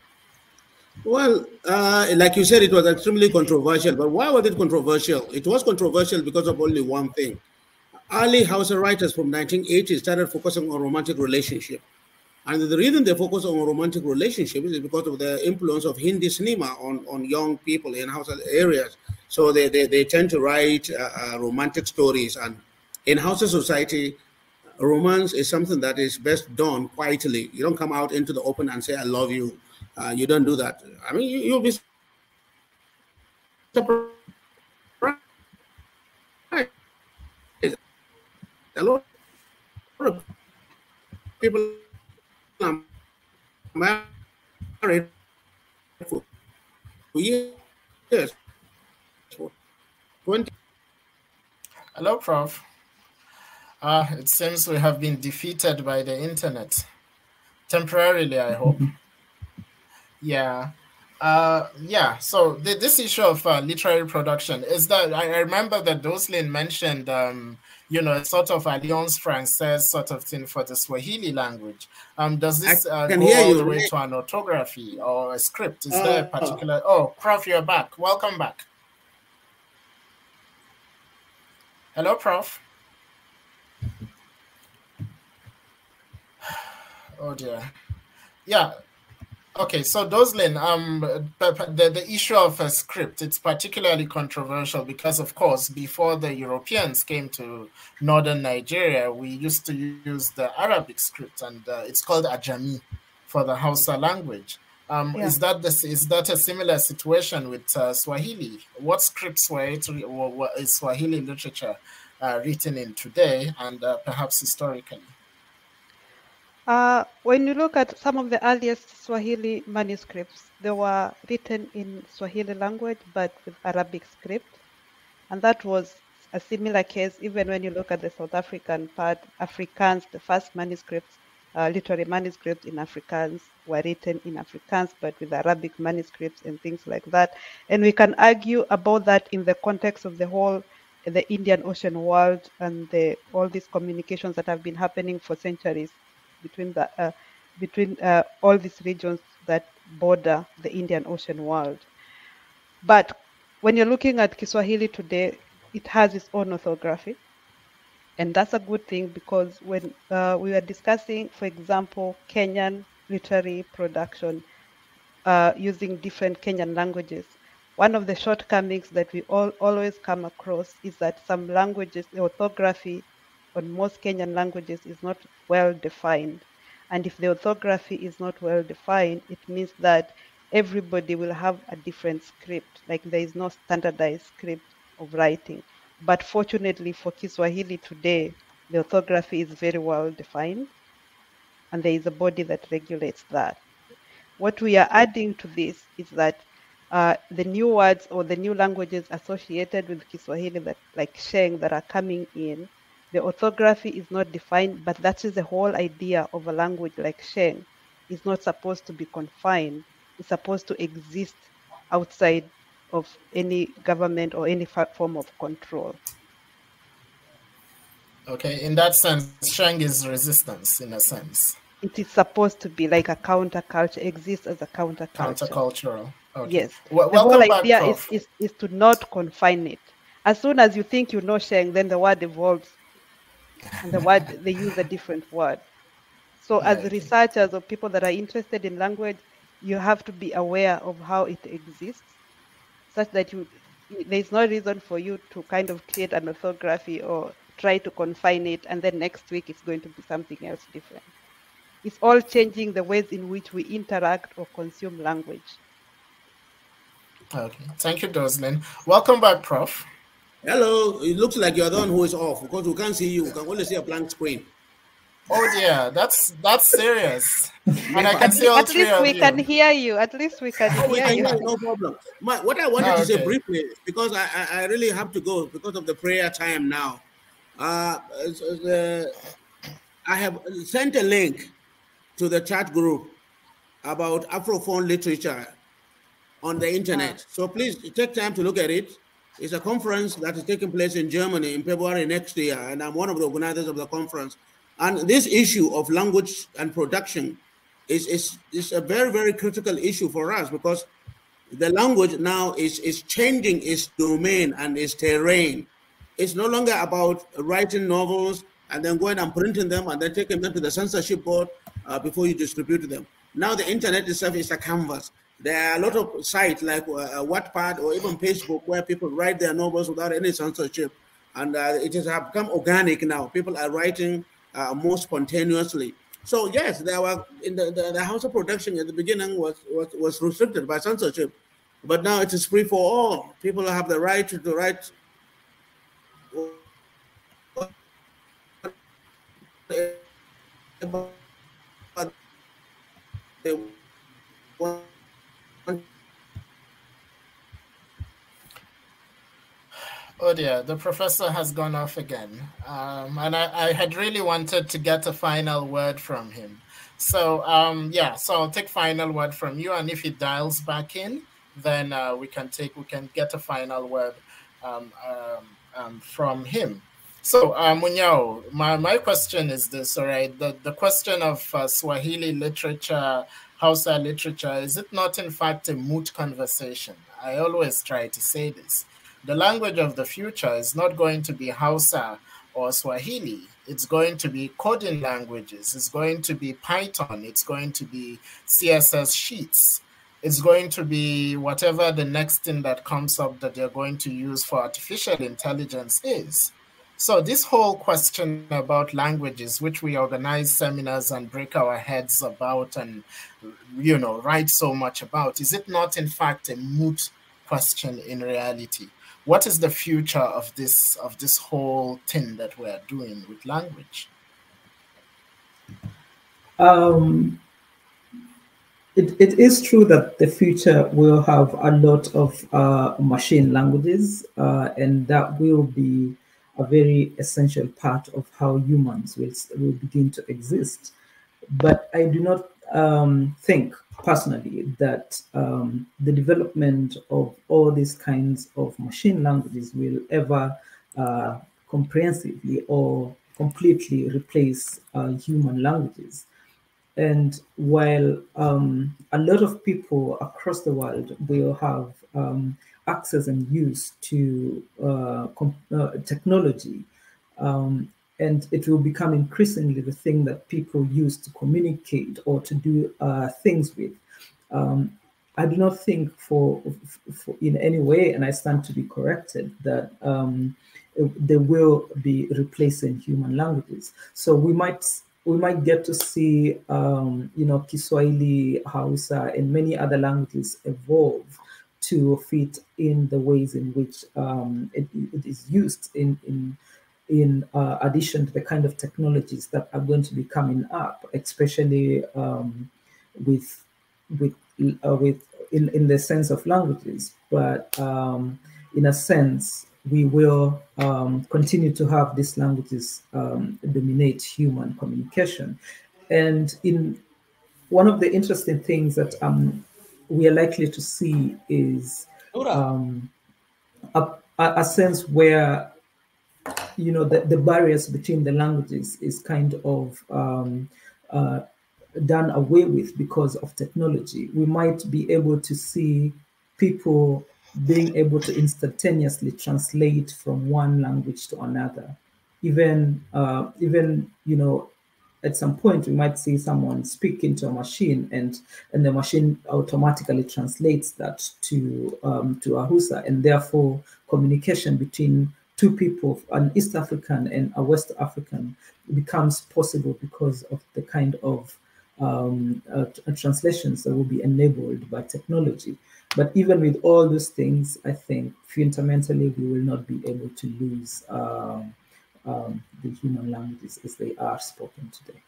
Well, uh, like you said, it was extremely controversial. But why was it controversial? It was controversial because of only one thing early Hausa writers from 1980 started focusing on romantic relationship. And the reason they focus on romantic relationships is because of the influence of Hindi cinema on, on young people in Hausa areas. So they, they, they tend to write uh, uh, romantic stories. And in Hausa society, romance is something that is best done quietly. You don't come out into the open and say, I love you. Uh, you don't do that. I mean, you, you'll be a lot of people are married for years, 20. Hello, Prof. Uh, it seems we have been defeated by the internet. Temporarily, I hope. Mm-hmm. Yeah. Uh, yeah, so the, this issue of uh, literary production is that I, I remember that Doslin mentioned um, you know, sort of Alliance Francaise sort of thing for the Swahili language. Um, does this uh, go all the way to an orthography or a script? Is uh, there a uh, uh. particular? Oh, Prof, you're back. Welcome back. Hello, Prof. *sighs* Oh dear. Yeah, Okay, so Doslin, um, the, the issue of a script, it's particularly controversial because, of course, before the Europeans came to northern Nigeria, we used to use the Arabic script, and uh, it's called Ajami for the Hausa language. Um, yeah. Is that Is that a similar situation with uh, Swahili? What scripts were it, were, were, is Swahili literature uh, written in today, and uh, perhaps historically? Uh, when you look at some of the earliest Swahili manuscripts, they were written in Swahili language but with Arabic script. And that was a similar case even when you look at the South African part, Afrikaans, the first manuscripts, uh, literary manuscripts in Afrikaans were written in Afrikaans but with Arabic manuscripts and things like that. And we can argue about that in the context of the whole the Indian Ocean world and the, all these communications that have been happening for centuries between the uh, between uh, all these regions that border the Indian Ocean world. But when you're looking at Kiswahili today, it has its own orthography, and that's a good thing because when uh, we were discussing, for example, Kenyan literary production uh, using different Kenyan languages, one of the shortcomings that we all always come across is that some languages, the orthography on most Kenyan languages is not well defined. And if the orthography is not well defined, it means that everybody will have a different script. Like there is no standardized script of writing. But fortunately for Kiswahili today, the orthography is very well defined, and there is a body that regulates that. What we are adding to this is that uh, the new words or the new languages associated with Kiswahili, that like Sheng, that are coming in, the orthography is not defined, but that is the whole idea of a language like Sheng. It's not supposed to be confined. It's supposed to exist outside of any government or any form of control. Okay, in that sense, Sheng is resistance in a sense. It is supposed to be like a counterculture, exists as a counterculture. Countercultural. Okay. Yes. Well, the whole idea back, is, is, is to not confine it. As soon as you think you know Sheng, then the word evolves and the word they use a different word. So as researchers or people that are interested in language, you have to be aware of how it exists, such that you there's no reason for you to kind of create an orthography or try to confine it, and then next week it's going to be something else different. It's all changing the ways in which we interact or consume language. Okay, thank you, Doslin. Welcome back, Prof. Hello, it looks like you're the one who is off because we can't see you. We can only see a blank screen. Oh dear, that's that's serious. And I can see all At three least we can hear you. At least we can oh, hear we can you. no problem. My, what I wanted oh, ah, okay. to say briefly, because I, I, I really have to go because of the prayer time now. Uh, the, uh, I have sent a link to the chat group about Afrophone literature on the ah. internet. So please take time to look at it it's a conference that is taking place in Germany in February next year, and I'm one of the organizers of the conference. And this issue of language and production is, is, is a very, very critical issue for us because the language now is, is changing its domain and its terrain. It's no longer about writing novels and then going and printing them and then taking them to the censorship board uh, before you distribute them. Now the internet itself is a canvas. There are a lot of sites like uh, uh, Wattpad or even Facebook where people write their novels without any censorship, and uh, it has become organic now. People are writing uh, more spontaneously. So yes, there were in the, the, the house of production at the beginning was, was was restricted by censorship, but now it is free for all. People have the right to write they want Oh dear, the professor has gone off again. Um, and I, I, had really wanted to get a final word from him. So, um, yeah, so I'll take final word from you. And if he dials back in, then uh, we can take, we can get a final word um, um, um from him. So, uh, Munyao, my, my question is this, all right? The, the question of uh, Swahili literature Hausa literature, is it not in fact a moot conversation? I always try to say this. The language of the future is not going to be Hausa or Swahili. It's going to be coding languages. It's going to be Python. It's going to be CSS sheets. It's going to be whatever the next thing that comes up that they're going to use for artificial intelligence is. So this whole question about languages, which we organize seminars and break our heads about and, you know, write so much about, is it not in fact a moot question in reality? What is the future of this of this whole thing that we're doing with language? Um, it, it is true that the future will have a lot of uh, machine languages, uh, and that will be a very essential part of how humans will, will begin to exist. But I do not um, think personally that um, the development of all these kinds of machine languages will ever uh, comprehensively or completely replace uh, human languages. And while um, a lot of people across the world will have um, access and use to uh, uh, technology. Um, and it will become increasingly the thing that people use to communicate or to do uh, things with. Um, I do not think for, for, in any way, and I stand to be corrected, that um, they will be replacing human languages. So we might we might get to see um, you know Kiswahili, Hausa, and many other languages evolve to fit in the ways in which um, it, it is used in, in, in uh, addition to the kind of technologies that are going to be coming up, especially um, with, with, uh, with in, in the sense of languages. But um, in a sense, we will um, continue to have these languages um, dominate human communication. And in one of the interesting things that I'm um, we are likely to see is um, a, a sense where you know the, the barriers between the languages is kind of um, uh, done away with because of technology. We might be able to see people being able to instantaneously translate from one language to another. Even uh, even you know at some point we might see someone speak into a machine and and the machine automatically translates that to um, to a and therefore communication between two people, an East African and a West African, becomes possible because of the kind of um, uh, uh, translations that will be enabled by technology. But even with all those things, I think fundamentally we will not be able to lose. Um, um, the human languages as they are spoken today.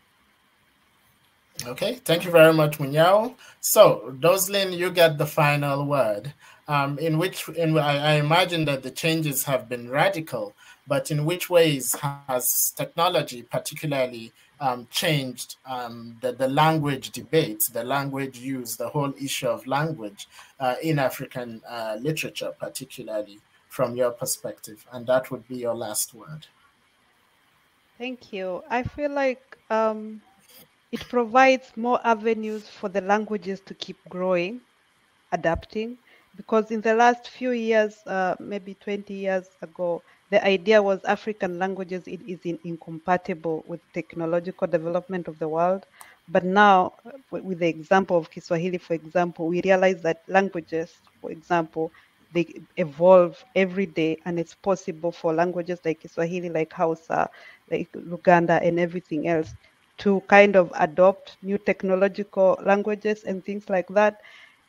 Okay, thank you very much, Munyao. So, Doslin, you get the final word. Um, in which, in, I, I imagine that the changes have been radical, but in which ways has technology, particularly um, changed um, the, the, language debates, the language use, the whole issue of language uh, in African uh, literature, particularly from your perspective. And that would be your last word. Thank you. I feel like um, it provides more avenues for the languages to keep growing, adapting, because in the last few years, uh, maybe 20 years ago, the idea was African languages it is in, incompatible with technological development of the world. But now, uh, with the example of Kiswahili, for example, we realize that languages, for example, they evolve every day and it's possible for languages like Swahili, like Hausa, like Luganda and everything else to kind of adopt new technological languages and things like that.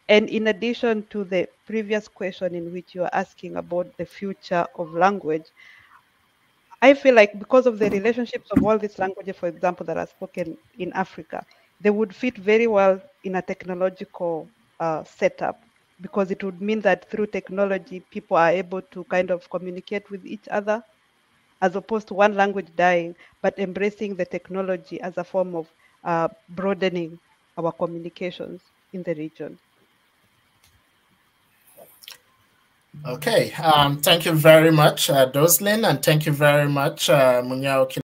And in addition to the previous question in which you are asking about the future of language, I feel like because of the relationships of all these languages, for example, that are spoken in Africa, they would fit very well in a technological uh, setup because it would mean that through technology, people are able to kind of communicate with each other as opposed to one language dying, but embracing the technology as a form of uh, broadening our communications in the region. Okay, um, thank you very much, uh, Doslin, and thank you very much, uh,